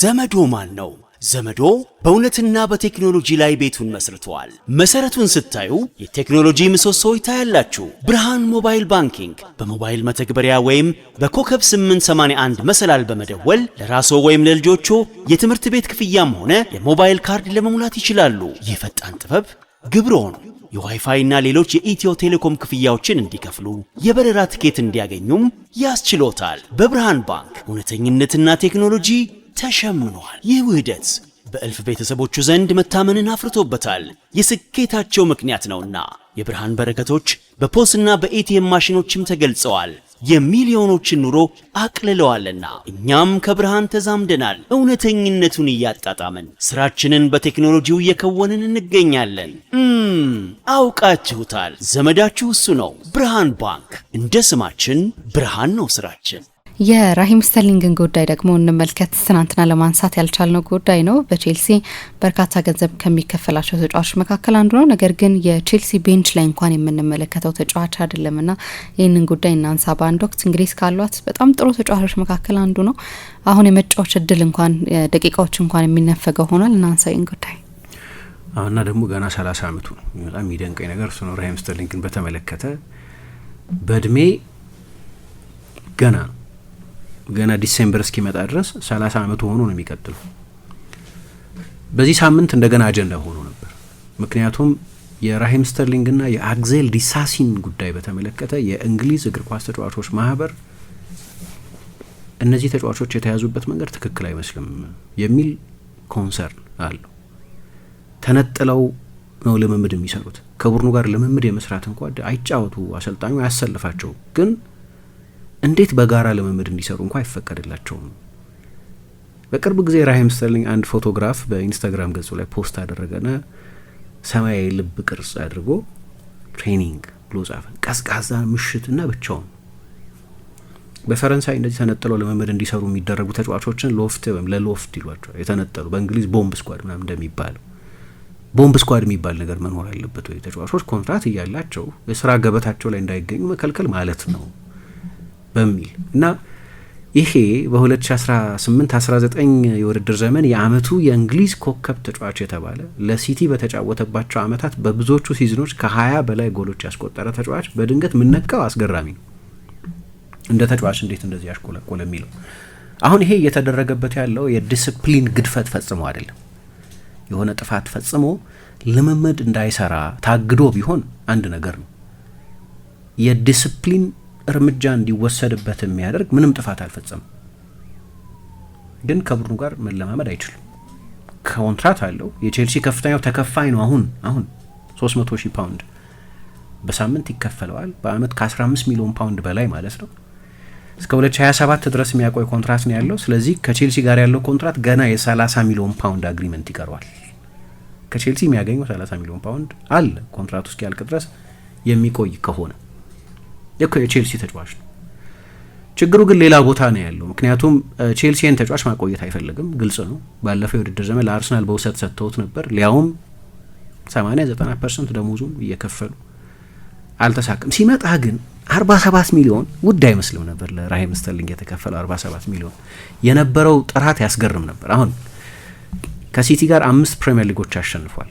ዘመዶ ማን ነው? ዘመዶ በእውነትና በቴክኖሎጂ ላይ ቤቱን መስርተዋል። መሰረቱን ስታዩ የቴክኖሎጂ ምሰሶዎች ይታያላችሁ ብርሃን ሞባይል ባንኪንግ በሞባይል መተግበሪያ ወይም በኮከብ 881 መሰላል በመደወል ለራስዎ ወይም ለልጆቹ የትምህርት ቤት ክፍያም ሆነ የሞባይል ካርድ ለመሙላት ይችላሉ። ይህ ፈጣን ጥበብ ግብሮን የዋይፋይ እና ሌሎች የኢትዮ ቴሌኮም ክፍያዎችን እንዲከፍሉ የበረራ ትኬት እንዲያገኙም ያስችሎታል። በብርሃን ባንክ እውነተኝነትና ቴክኖሎጂ ተሸምኗል። ይህ ውህደት በእልፍ ቤተሰቦቹ ዘንድ መታመንን አፍርቶበታል። የስኬታቸው ምክንያት ነውና የብርሃን በረከቶች በፖስና በኤቲኤም ማሽኖችም ተገልጸዋል። የሚሊዮኖችን ኑሮ አቅልለዋልና እኛም ከብርሃን ተዛምደናል። እውነተኝነቱን እያጣጣምን ስራችንን በቴክኖሎጂው እየከወንን እንገኛለን። አውቃችሁታል። ዘመዳችሁ እሱ ነው። ብርሃን ባንክ። እንደ ስማችን ብርሃን ነው ስራችን። የራሂም ስተርሊንግን ጉዳይ ደግሞ እንመልከት። ትናንትና ለማንሳት ያልቻልነው ጉዳይ ነው። በቼልሲ በርካታ ገንዘብ ከሚከፈላቸው ተጫዋቾች መካከል አንዱ ነው። ነገር ግን የቼልሲ ቤንች ላይ እንኳን የምንመለከተው ተጫዋች አይደለም ና ይህንን ጉዳይ እናንሳ። በአንድ ወቅት እንግሊዝ ካሏት በጣም ጥሩ ተጫዋቾች መካከል አንዱ ነው። አሁን የመጫዎች እድል እንኳን ደቂቃዎች እንኳን የሚነፈገው ሆኗል። እናንሳ ይህን ጉዳይ እና ደግሞ ገና ሰላሳ አመቱ ነው። በጣም የሚደንቀኝ ነገር እሱ ነው። ራሂም ስተርሊንግን በተመለከተ በእድሜ ገና ነው ገና ዲሴምበር እስኪመጣ ድረስ 30 ዓመቱ ሆኖ ነው የሚቀጥለው። በዚህ ሳምንት እንደገና አጀንዳ ሆኖ ነበር። ምክንያቱም የራሂም ስተርሊንግና የአግዜል ዲሳሲን ጉዳይ በተመለከተ የእንግሊዝ እግር ኳስ ተጫዋቾች ማህበር እነዚህ ተጫዋቾች የተያዙበት መንገድ ትክክል አይመስልም የሚል ኮንሰርን አለው። ተነጥለው ነው ልምምድ የሚሰሩት። ከቡድኑ ጋር ልምምድ የመስራት እንኳ አይጫወቱ፣ አሰልጣኙ አያሰልፋቸው ግን እንዴት በጋራ ልምምድ እንዲሰሩ እንኳ አይፈቀድላቸውም። በቅርብ ጊዜ ራሂም ስተርሊንግ አንድ ፎቶግራፍ በኢንስታግራም ገጹ ላይ ፖስት አደረገነ ሰማያዊ ልብ ቅርጽ አድርጎ ትሬኒንግ ብሎ ጻፈ። ቀዝቃዛ ምሽትና ብቻውን በፈረንሳይ እንደዚህ ተነጥለው ልምምድ እንዲሰሩ የሚደረጉ ተጫዋቾችን ሎፍት ወይም ለሎፍት ይሏቸዋል። የተነጠሉ በእንግሊዝ ቦምብ ስኳድ ምናምን እንደሚባለው ቦምብ ስኳድ የሚባል ነገር መኖር አለበት ወይ? ተጫዋቾች ኮንትራት እያላቸው የስራ ገበታቸው ላይ እንዳይገኙ መከልከል ማለት ነው። በሚል እና ይሄ በ2018 19 የውድድር ዘመን የአመቱ የእንግሊዝ ኮከብ ተጫዋች የተባለ ለሲቲ በተጫወተባቸው አመታት በብዙዎቹ ሲዝኖች ከ20 በላይ ጎሎች ያስቆጠረ ተጫዋች በድንገት ምነቀው አስገራሚ ነው። እንደ ተጫዋች እንዴት እንደዚህ ያሽቆለቆለ የሚለው አሁን ይሄ እየተደረገበት ያለው የዲስፕሊን ግድፈት ፈጽሞ አይደለም። የሆነ ጥፋት ፈጽሞ ልምምድ እንዳይሰራ ታግዶ ቢሆን አንድ ነገር ነው። የዲስፕሊን እርምጃ እንዲወሰድበት የሚያደርግ ምንም ጥፋት አልፈጸምም። ግን ከቡድኑ ጋር መለማመድ አይችልም። ኮንትራት አለው። የቼልሲ ከፍተኛው ተከፋይ ነው። አሁን አሁን 300 ሺህ ፓውንድ በሳምንት ይከፈለዋል። በአመት ከ15 ሚሊዮን ፓውንድ በላይ ማለት ነው። እስከ 2027 ድረስ የሚያቆይ ኮንትራት ነው ያለው። ስለዚህ ከቼልሲ ጋር ያለው ኮንትራት ገና የ30 ሚሊዮን ፓውንድ አግሪመንት ይቀረዋል። ከቼልሲ የሚያገኘው 30 ሚሊዮን ፓውንድ አለ ኮንትራት እስኪያልቅ ድረስ የሚቆይ ከሆነ የቼልሲ ተጫዋች ነው። ችግሩ ግን ሌላ ቦታ ነው ያለው። ምክንያቱም ቼልሲን ተጫዋች ማቆየት አይፈልግም፣ ግልጽ ነው። ባለፈው የውድድር ዘመን ለአርሰናል በውሰት ሰጥተውት ነበር፣ ሊያውም 80 90 ፐርሰንት ደሞዙን እየከፈሉ አልተሳቅም። ሲመጣ ግን 47 ሚሊዮን ውድ አይመስልም ነበር ለራሂም ስተርሊንግ የተከፈለው 47 ሚሊዮን። የነበረው ጥራት ያስገርም ነበር። አሁን ከሲቲ ጋር አምስት ፕሪምየር ሊጎች አሸንፏል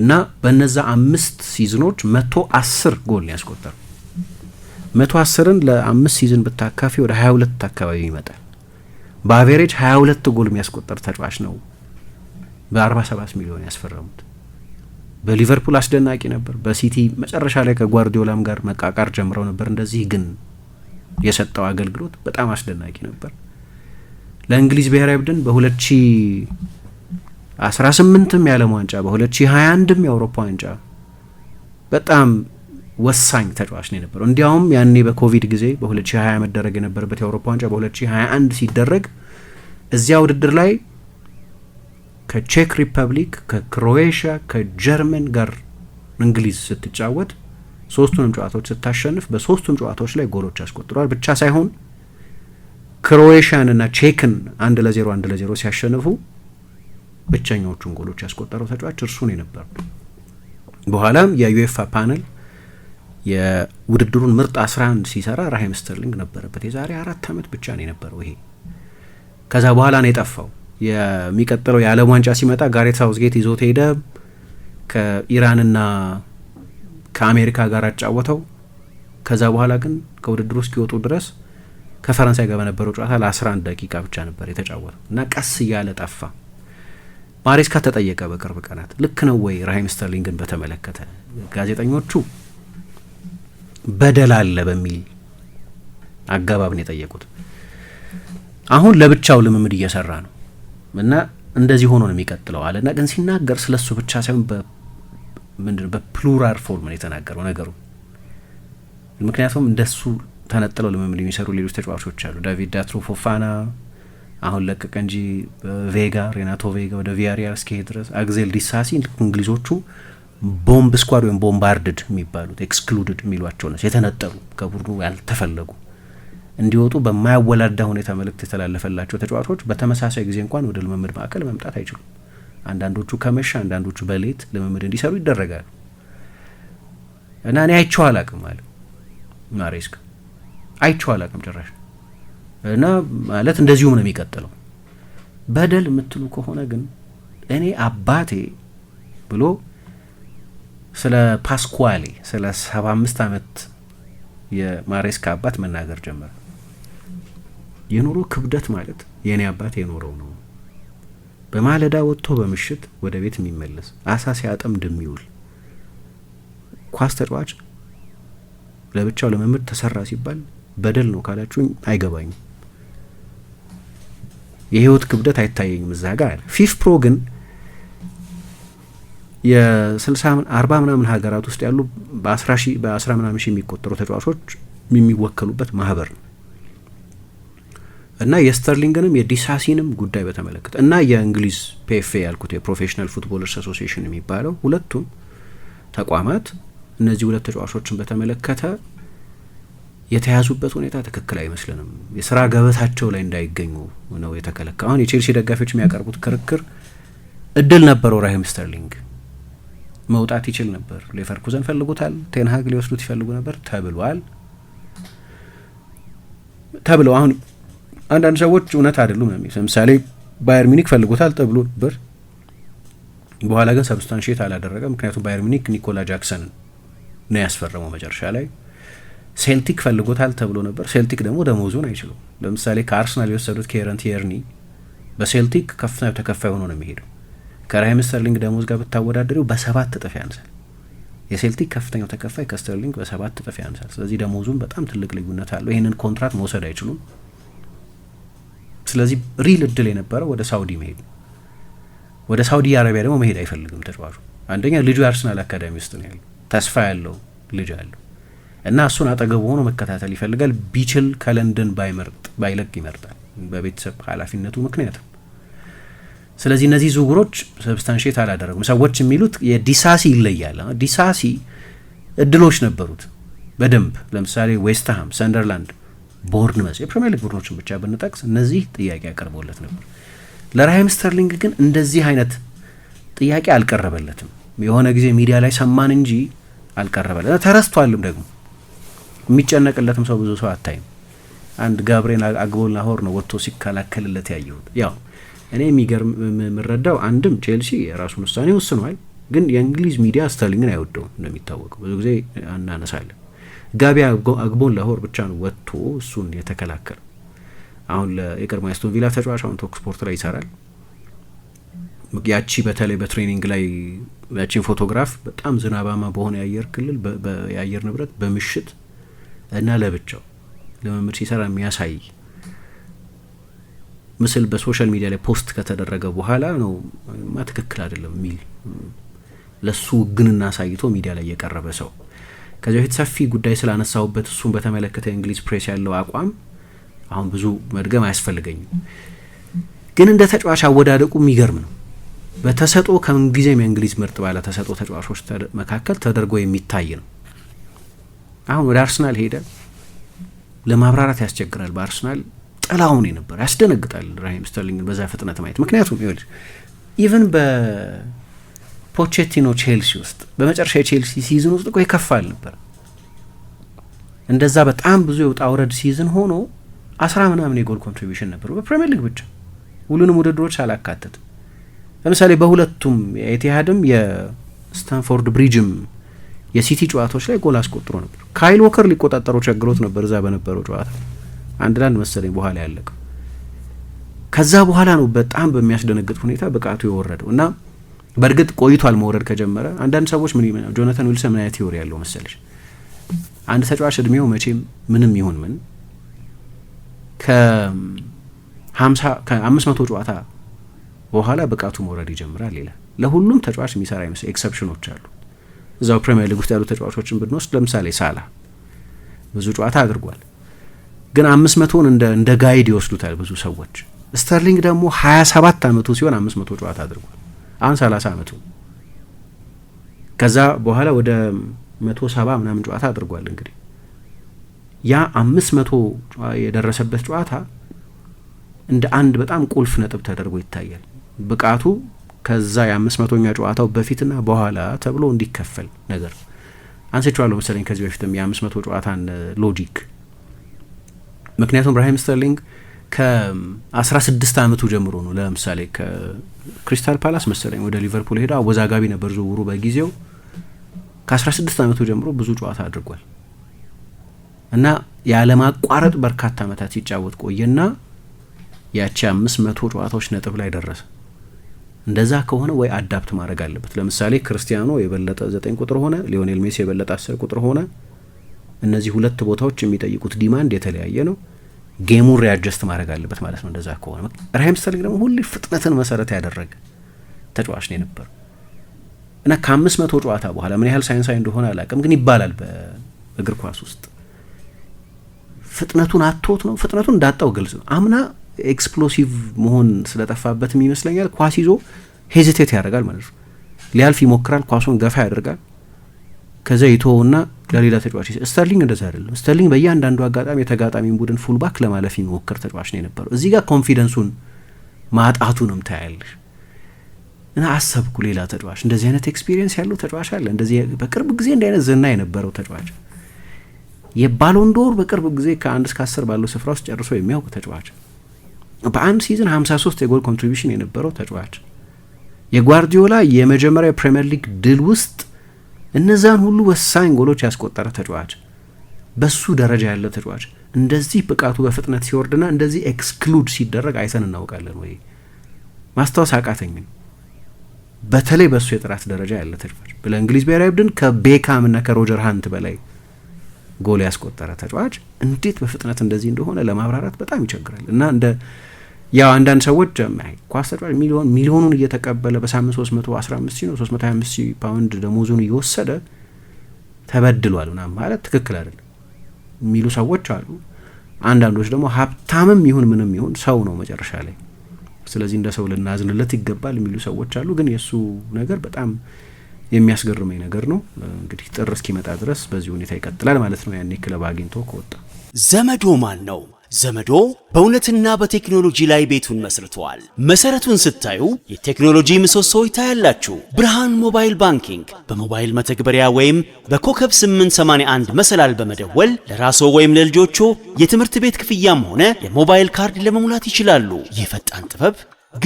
እና በነዛ አምስት ሲዝኖች መቶ አስር ጎል ያስቆጠሩ መቶ አስርን ለአምስት ሲዝን ብታካፊ ወደ ሀያ ሁለት አካባቢ ይመጣል። በአቬሬጅ ሀያ ሁለት ጎል የሚያስቆጠር ተጫዋች ነው። በአርባ ሰባት ሚሊዮን ያስፈረሙት በሊቨርፑል አስደናቂ ነበር። በሲቲ መጨረሻ ላይ ከጓርዲዮላም ጋር መቃቃር ጀምረው ነበር። እንደዚህ ግን የሰጠው አገልግሎት በጣም አስደናቂ ነበር። ለእንግሊዝ ብሔራዊ ቡድን ሺ አስራ ስምንትም የዓለም ዋንጫ ሺ ሀያ ም የአውሮፓ ዋንጫ በጣም ወሳኝ ተጫዋች ነው የነበረው። እንዲያውም ያኔ በኮቪድ ጊዜ በ2020 መደረግ የነበረበት የአውሮፓ ዋንጫ በ2021 ሲደረግ እዚያ ውድድር ላይ ከቼክ ሪፐብሊክ፣ ከክሮኤሽያ፣ ከጀርመን ጋር እንግሊዝ ስትጫወት ሶስቱንም ጨዋታዎች ስታሸንፍ በሶስቱም ጨዋታዎች ላይ ጎሎች ያስቆጥሯል ብቻ ሳይሆን ክሮኤሽያንና ቼክን አንድ ለዜሮ አንድ ለዜሮ ሲያሸንፉ ብቸኛዎቹን ጎሎች ያስቆጠረው ተጫዋች እርሱ ነው የነበረው። በኋላም የዩኤፋ ፓነል የውድድሩን ምርጥ 11 ሲሰራ ራሂም ስተርሊንግ ነበረበት። የዛሬ አራት ዓመት ብቻ ነው የነበረው ይሄ። ከዛ በኋላ ነው የጠፋው። የሚቀጥለው የዓለም ዋንጫ ሲመጣ ጋሬት ሳውዝጌት ይዞት ሄደ። ከኢራንና ከአሜሪካ ጋር አጫወተው። ከዛ በኋላ ግን ከውድድሩ እስኪወጡ ድረስ ከፈረንሳይ ጋር በነበረው ጨዋታ ለ11 ደቂቃ ብቻ ነበር የተጫወተው እና ቀስ እያለ ጠፋ። ማሬስካ ተጠየቀ በቅርብ ቀናት ልክ ነው ወይ ራሂም ስተርሊንግን በተመለከተ ጋዜጠኞቹ በደል አለ በሚል አገባብ ነው የጠየቁት። አሁን ለብቻው ልምምድ እየሰራ ነው እና እንደዚህ ሆኖ ነው የሚቀጥለው አለ እና ግን ሲናገር ስለ እሱ ብቻ ሳይሆን ምንድን በፕሉራል ፎርም ነው የተናገረው ነገሩ። ምክንያቱም እንደሱ ተነጥለው ልምምድ የሚሰሩ ሌሎች ተጫዋቾች አሉ። ዳቪድ ዳትሮ ፎፋና አሁን ለቀቀ እንጂ ቬጋ ሬናቶ ቬጋ ወደ ቪያሪያል እስኪሄድ ድረስ አግዜል ዲሳሲ እንግሊዞቹ ቦምብ ስኳድ ወይም ቦምባርድድ የሚባሉት ኤክስክሉድድ የሚሏቸው ነች የተነጠሉ ከቡድኑ ያልተፈለጉ እንዲወጡ በማያወላዳ ሁኔታ መልእክት የተላለፈላቸው ተጫዋቾች በተመሳሳይ ጊዜ እንኳን ወደ ልምምድ ማዕከል መምጣት አይችሉም። አንዳንዶቹ ከመሻ፣ አንዳንዶቹ በሌት ልምምድ እንዲሰሩ ይደረጋሉ እና እኔ አይቼው አላቅም አለ ማሬስካ። አይቼው አላቅም ጭራሽ እና ማለት እንደዚሁም ነው የሚቀጥለው። በደል የምትሉ ከሆነ ግን እኔ አባቴ ብሎ ስለ ፓስኳሌ ስለ 75 ዓመት የማሬስካ አባት መናገር ጀመረ። የኑሮ ክብደት ማለት የእኔ አባት የኖረው ነው። በማለዳ ወጥቶ በምሽት ወደ ቤት የሚመለስ አሳ ሲያጠምድ የሚውል ኳስ ተጫዋች ለብቻው ልምምድ ተሰራ ሲባል በደል ነው ካላችሁኝ አይገባኝም። የህይወት ክብደት አይታየኝም እዛ ጋር ፊፍ ፕሮ ግን የስልሳ አርባ ምናምን ሀገራት ውስጥ ያሉ በአስራ ሺህ በአስራ ምናምን ሺ የሚቆጠሩ ተጫዋቾች የሚወከሉበት ማህበር ነው እና የስተርሊንግንም የዲሳሲንም ጉዳይ በተመለከተ እና የእንግሊዝ ፒኤፍኤ ያልኩት የፕሮፌሽናል ፉትቦለርስ አሶሲሽን የሚባለው ሁለቱም ተቋማት እነዚህ ሁለት ተጫዋቾችን በተመለከተ የተያዙበት ሁኔታ ትክክል አይመስልንም። የስራ ገበታቸው ላይ እንዳይገኙ ነው የተከለከ። አሁን የቼልሲ ደጋፊዎች የሚያቀርቡት ክርክር እድል ነበረው ራሂም ስተርሊንግ መውጣት ይችል ነበር። ሌቨርኩዘን ፈልጉታል፣ ቴንሃግ ሊወስዱት ይፈልጉ ነበር ተብሏል ተብለው አሁን አንዳንድ ሰዎች እውነት አይደሉም ነው የሚሉት። ለምሳሌ ባየር ሚኒክ ፈልጎታል ተብሎ ነበር፣ በኋላ ግን ሰብስታንሽት አላደረገም። ምክንያቱም ባየር ሚኒክ ኒኮላ ጃክሰን ነው ያስፈረመው መጨረሻ ላይ። ሴልቲክ ፈልጎታል ተብሎ ነበር፣ ሴልቲክ ደግሞ ደሞዙን አይችሉም። ለምሳሌ ከአርሰናል የወሰዱት ኬረንት የርኒ በሴልቲክ ከፍተኛ ተከፋይ ሆኖ ነው የሚሄደው። ከራሂም ስተርሊንግ ደሞዝ ጋር ብታወዳደሪው በሰባት እጥፍ ያንሳል። የሴልቲክ ከፍተኛው ተከፋይ ከስተርሊንግ በሰባት እጥፍ ያንሳል። ስለዚህ ደሞዙም በጣም ትልቅ ልዩነት አለው። ይህንን ኮንትራት መውሰድ አይችሉም። ስለዚህ ሪል እድል የነበረው ወደ ሳውዲ መሄድ ነው። ወደ ሳውዲ አረቢያ ደግሞ መሄድ አይፈልግም ተጫዋቹ። አንደኛ ልጁ የአርሰናል አካዳሚ ውስጥ ነው ያለው፣ ተስፋ ያለው ልጅ አለው እና እሱን አጠገቡ ሆኖ መከታተል ይፈልጋል። ቢችል ከለንደን ባይመርጥ ባይለቅ ይመርጣል፣ በቤተሰብ ኃላፊነቱ ምክንያት ስለዚህ እነዚህ ዝውውሮች ሰብስታንሽት አላደረጉም። ሰዎች የሚሉት የዲሳሲ ይለያል። ዲሳሲ እድሎች ነበሩት በደንብ ለምሳሌ ዌስትሃም፣ ሰንደርላንድ፣ ቦርንመስ የፕሪሚየር ሊግ ቡድኖችን ብቻ ብንጠቅስ እነዚህ ጥያቄ አቀርበውለት ነበር። ለራሂም ስተርሊንግ ግን እንደዚህ አይነት ጥያቄ አልቀረበለትም። የሆነ ጊዜ ሚዲያ ላይ ሰማን እንጂ አልቀረበለት ተረስቷልም። ደግሞ የሚጨነቅለትም ሰው ብዙ ሰው አታይም። አንድ ጋብሬን አግቦል ናሆር ነው ወጥቶ ሲከላከልለት ያየሁት ያው እኔ የሚገርም የምረዳው አንድም ቼልሲ የራሱን ውሳኔ ወስኗል፣ ግን የእንግሊዝ ሚዲያ ስተርሊንግን አይወደውም። እንደሚታወቀው ብዙ ጊዜ እናነሳለን። ጋቢ አግቦን ለሆር ብቻ ነው ወጥቶ እሱን የተከላከለ። አሁን የቀድሞ አስቶን ቪላ ተጫዋች አሁን ቶክ ስፖርት ላይ ይሰራል። ያቺ በተለይ በትሬኒንግ ላይ ያቺን ፎቶግራፍ በጣም ዝናባማ በሆነ የአየር ክልል የአየር ንብረት በምሽት እና ለብቻው ልምምድ ሲሰራ የሚያሳይ ምስል በሶሻል ሚዲያ ላይ ፖስት ከተደረገ በኋላ ነው ማ ትክክል አይደለም የሚል ለሱ ውግንና አሳይቶ ሚዲያ ላይ የቀረበ ሰው ከዚህ በፊት ሰፊ ጉዳይ ስላነሳሁበት እሱን በተመለከተ የእንግሊዝ ፕሬስ ያለው አቋም አሁን ብዙ መድገም አያስፈልገኝም። ግን እንደ ተጫዋች አወዳደቁ የሚገርም ነው። በተሰጦ ከምንጊዜም የእንግሊዝ ምርጥ ባለ ተሰጦ ተጫዋቾች መካከል ተደርጎ የሚታይ ነው። አሁን ወደ አርሰናል ሄደ ለማብራራት ያስቸግራል። በአርሰናል ጥላውን የነበረ ያስደነግጣል። ራሂም ስተርሊንግን በዛ ፍጥነት ማየት ምክንያቱም ይኸውልሽ ኢቨን በፖቼቲኖ ቼልሲ ውስጥ በመጨረሻ የቼልሲ ሲዝን ውስጥ እኮ የከፋ አልነበረ። እንደዛ በጣም ብዙ የውጣ ውረድ ሲዝን ሆኖ አስራ ምናምን የጎል ኮንትሪቢሽን ነበሩ በፕሪሚየር ሊግ ብቻ ሁሉንም ውድድሮች አላካተት። ለምሳሌ በሁለቱም የኤቲሃድም የስታንፎርድ ብሪጅም የሲቲ ጨዋታዎች ላይ ጎል አስቆጥሮ ነበር። ካይል ወከር ሊቆጣጠረው ቸግሮት ነበር እዛ በነበረው ጨዋታ አንድ ላንድ መሰለኝ በኋላ ያለቀው። ከዛ በኋላ ነው በጣም በሚያስደነግጥ ሁኔታ ብቃቱ የወረደው እና በእርግጥ ቆይቷል መውረድ ከጀመረ። አንዳንድ ሰዎች ምን ጆናተን ዊልሰን ምን አይነት ቴዎሪ ያለው መሰለሽ፣ አንድ ተጫዋች እድሜው መቼም ምንም ይሁን ምን ከአምስት መቶ ጨዋታ በኋላ ብቃቱ መውረድ ይጀምራል ይላል። ለሁሉም ተጫዋች የሚሰራ አይመስል ኤክሰፕሽኖች አሉ። እዛው ፕሪሚየር ሊግ ውስጥ ያሉ ተጫዋቾችን ብንወስድ ለምሳሌ ሳላ ብዙ ጨዋታ አድርጓል። ግን አምስት መቶን እንደ ጋይድ ይወስዱታል ብዙ ሰዎች። ስተርሊንግ ደግሞ 27 አመቱ ሲሆን አምስት መቶ ጨዋታ አድርጓል። አሁን 30 አመቱ ከዛ በኋላ ወደ መቶ ሰባ ምናምን ጨዋታ አድርጓል። እንግዲህ ያ አምስት መቶ የደረሰበት ጨዋታ እንደ አንድ በጣም ቁልፍ ነጥብ ተደርጎ ይታያል። ብቃቱ ከዛ የአምስት መቶኛ ጨዋታው በፊትና በኋላ ተብሎ እንዲከፈል ነገር አንስቼዋለሁ መሰለኝ ከዚህ በፊትም የአምስት መቶ ጨዋታን ሎጂክ ምክንያቱም ራሂም ስተርሊንግ ከ16 ዓመቱ ጀምሮ ነው ለምሳሌ ከክሪስታል ፓላስ መሰለኝ ወደ ሊቨርፑል ሄደ። አወዛጋቢ ነበር ዝውውሩ በጊዜው። ከ16 ዓመቱ ጀምሮ ብዙ ጨዋታ አድርጓል እና ያለማቋረጥ በርካታ አመታት ሲጫወት ቆየና ያቺ መቶ ጨዋታዎች ነጥብ ላይ ደረሰ። እንደዛ ከሆነ ወይ አዳፕት ማድረግ አለበት። ለምሳሌ ክርስቲያኖ የበለጠ ዘጠኝ ቁጥር ሆነ፣ ሊዮኔል ሜሲ የበለጠ 10 ቁጥር ሆነ። እነዚህ ሁለት ቦታዎች የሚጠይቁት ዲማንድ የተለያየ ነው። ጌሙን ሪያጀስት ማድረግ አለበት ማለት ነው። እንደዛ ከሆነ ራሂም ስተርሊንግ ደግሞ ሁሌ ፍጥነትን መሰረት ያደረገ ተጫዋች ነው የነበረው እና ከአምስት መቶ ጨዋታ በኋላ ምን ያህል ሳይንሳዊ እንደሆነ አላውቅም፣ ግን ይባላል በእግር ኳስ ውስጥ ፍጥነቱን አቶት ነው። ፍጥነቱን እንዳጣው ግልጽ ነው። አምና ኤክስፕሎሲቭ መሆን ስለጠፋበትም ይመስለኛል ኳስ ይዞ ሄዚቴት ያደርጋል ማለት ነው። ሊያልፍ ይሞክራል፣ ኳሱን ገፋ ያደርጋል፣ ከዚያ ይተወውና ለሌላ ተጫዋች ስተርሊንግ እንደዛ አይደለም። ስተርሊንግ በእያንዳንዱ አጋጣሚ የተጋጣሚን ቡድን ፉልባክ ለማለፍ የሚሞክር ተጫዋች ነው የነበረው። እዚህ ጋር ኮንፊደንሱን ማጣቱንም ታያለሽ እና አሰብኩ ሌላ ተጫዋች እንደዚህ አይነት ኤክስፒሪየንስ ያለው ተጫዋች አለ፣ እንደዚህ በቅርብ ጊዜ እንዲህ አይነት ዝና የነበረው ተጫዋች፣ የባሎንዶር በቅርብ ጊዜ ከአንድ እስከ አስር ባለው ስፍራ ውስጥ ጨርሶ የሚያውቅ ተጫዋች፣ በአንድ ሲዝን ሶስት የጎል ኮንትሪቢሽን የነበረው ተጫዋች የጓርዲዮላ የመጀመሪያ የፕሪምየር ሊግ ድል ውስጥ እነዛን ሁሉ ወሳኝ ጎሎች ያስቆጠረ ተጫዋች፣ በሱ ደረጃ ያለ ተጫዋች እንደዚህ ብቃቱ በፍጥነት ሲወርድና እንደዚህ ኤክስክሉድ ሲደረግ አይተን እናውቃለን ወይ? ማስታወስ አቃተኝም። በተለይ በሱ የጥራት ደረጃ ያለ ተጫዋች ለእንግሊዝ ብሔራዊ ቡድን ከቤካም እና ከሮጀር ሀንት በላይ ጎል ያስቆጠረ ተጫዋች እንዴት በፍጥነት እንደዚህ እንደሆነ ለማብራራት በጣም ይቸግራል እና እንደ ያው አንዳንድ ሰዎች ኳስ ተጫዋች ሚሊዮን ሚሊዮኑን እየተቀበለ በሳምንት 315 ሺ ነው 325 ሺ ፓውንድ ደሞዙን እየወሰደ ተበድሏል ምናምን ማለት ትክክል አይደለም የሚሉ ሰዎች አሉ። አንዳንዶች ደግሞ ሀብታምም ይሁን ምንም ይሁን ሰው ነው መጨረሻ ላይ፣ ስለዚህ እንደ ሰው ልናዝንለት ይገባል የሚሉ ሰዎች አሉ። ግን የእሱ ነገር በጣም የሚያስገርመኝ ነገር ነው። እንግዲህ ጥር እስኪመጣ ድረስ በዚህ ሁኔታ ይቀጥላል ማለት ነው። ያኔ ክለብ አግኝቶ ከወጣ ዘመዶ ማን ነው? ዘመዶ በእውነትና በቴክኖሎጂ ላይ ቤቱን መስርተዋል። መሰረቱን ስታዩ የቴክኖሎጂ ምሰሶዎች ታያላችሁ። ብርሃን ሞባይል ባንኪንግ በሞባይል መተግበሪያ ወይም በኮከብ 881 መሰላል በመደወል ለራስዎ ወይም ለልጆቹ የትምህርት ቤት ክፍያም ሆነ የሞባይል ካርድ ለመሙላት ይችላሉ። የፈጣን ጥበብ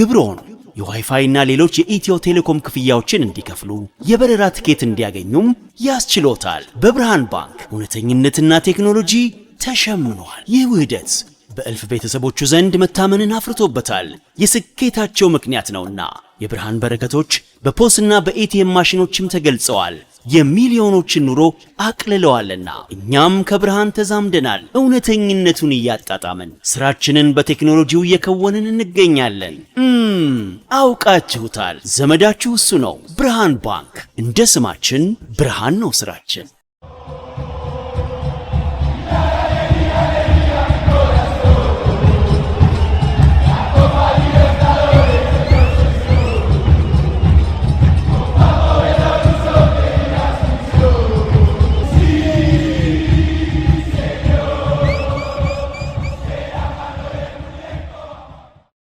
ግብሮን የዋይፋይ እና ሌሎች የኢትዮ ቴሌኮም ክፍያዎችን እንዲከፍሉ የበረራ ትኬት እንዲያገኙም ያስችሎታል። በብርሃን ባንክ እውነተኝነትና ቴክኖሎጂ ተሸምኗል። ይህ ውህደት በእልፍ ቤተሰቦቹ ዘንድ መታመንን አፍርቶበታል። የስኬታቸው ምክንያት ነውና የብርሃን በረከቶች በፖስና በኤቲኤም ማሽኖችም ተገልጸዋል። የሚሊዮኖችን ኑሮ አቅልለዋልና እኛም ከብርሃን ተዛምደናል። እውነተኝነቱን እያጣጣምን ስራችንን በቴክኖሎጂው እየከወንን እንገኛለን። አውቃችሁታል። ዘመዳችሁ እሱ ነው። ብርሃን ባንክ። እንደ ስማችን ብርሃን ነው ስራችን።